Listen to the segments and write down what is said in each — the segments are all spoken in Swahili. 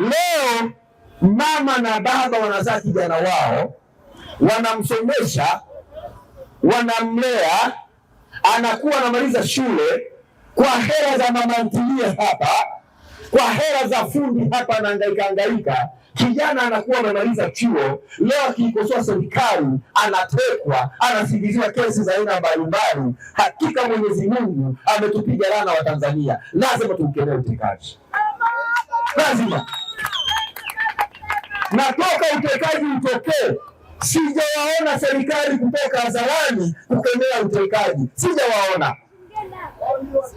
Leo mama na baba wanazaa kijana wao, wanamsomesha, wanamlea, anakuwa anamaliza shule kwa hela za mama ntilie hapa, kwa hela za fundi hapa, anahangaika hangaika. Kijana anakuwa amemaliza chuo, leo akiikosoa serikali anatekwa, anasingiziwa kesi za aina mbalimbali. Hakika Mwenyezi Mungu ametupiga laana wa Tanzania, lazima tuukemee utekaji, lazima na toka utekaji utokee, sijawaona serikali kutoka hadharani kukemea utekaji, sijawaona.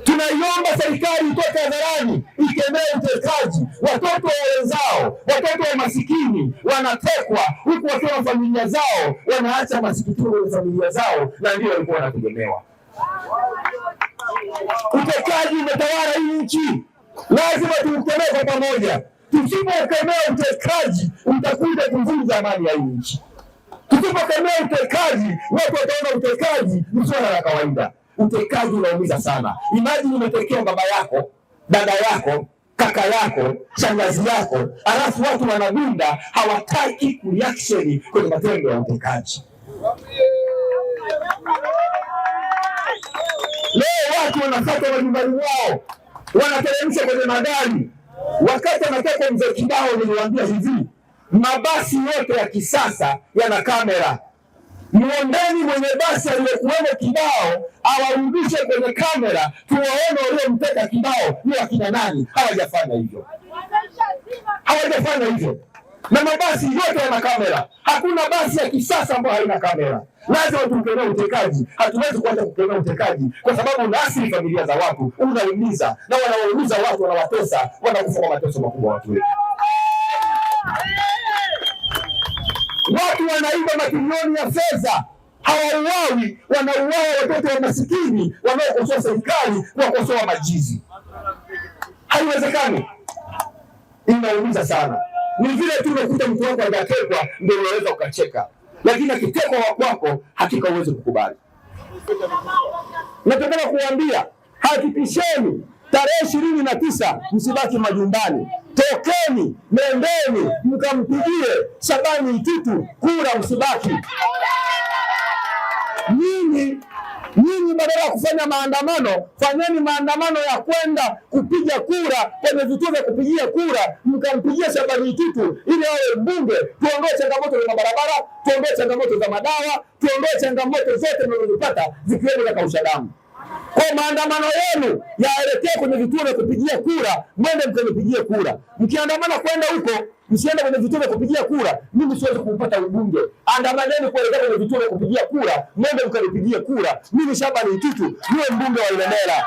Tunaiomba serikali itoke hadharani ikemee utekaji. Watoto wa wenzao, watoto wa masikini wanatekwa huku wakiwa na familia zao, wanaacha masikitiko ya familia zao, na ndio walikuwa wanategemewa. Utekaji umetawala hii nchi, lazima tuukemee kwa pamoja. Tusipokemea utekaji, utakuja kuvuruga amani ya nchi. Tusipokemea utekaji, watu wataona utekaji ni swala la kawaida. Utekaji unaumiza sana. imajini umetekewa baba yako, dada yako, kaka yako, shangazi yako, alafu watu wanagunda, hawataki reaction kwenye matendo ya utekaji. Leo watu wanafata majumbani mwao, wanateremsha kwenye magari Wakati anatoka mzee Kibao niliwaambia hivi, mabasi yote ya kisasa yana kamera. Muondeni mwenye basi aliyekuwemo Kibao awarudishe kwenye kamera, tuwaone waliomteka Kibao ni akina nani. Hawajafanya hivyo, hawajafanya hivyo na mabasi yote yana kamera. Hakuna basi ya kisasa ambayo haina kamera. Lazima tukemea utekaji. Hatuwezi kuacha kukemea utekaji kwa sababu unaathiri familia za watu, unaumiza na wanawaumiza watu, wanawatesa, wanakufa kwa mateso makubwa watu wetu. Watu wanaiba matilioni ya fedha, hawauawi, wanauawa watoto wa masikini wanaokosoa serikali, kuwakosoa majizi. Haiwezekani, inaumiza sana. Ni vile tu unakuta mtu wako anatekwa ndio unaweza ukacheka, lakini akitekwa wa kwako hakika uweze kukubali. Nataka kuambia hakikisheni tarehe ishirini na tisa msibaki majumbani, tokeni, mendeni, mkampigie Shabani Itutu kura, msibaki badala ya kufanya maandamano, fanyeni maandamano ya kwenda kupiga kura kwenye vituo vya kupigia kura, mkampigia Shabani Itutu ili awe mbunge. Tuondoe changamoto za mabarabara, tuondoe changamoto za madawa, tuondoe changamoto zote mnazozipata zikiwemo za kausha damu. Kwa maandamano yenu yaelekee kwenye vituo vya kupigia kura, mwende mkanipigie kura. Mkiandamana kwenda huko, msiende kwenye vituo vya kupigia kura, mimi siwezi kumpata ubunge. Andamaneni kuelekea kwenye vituo vya kupigia kura, mwende mkanipigie kura. Mimi Shabani Itutu niwe mbunge wa Ilemela.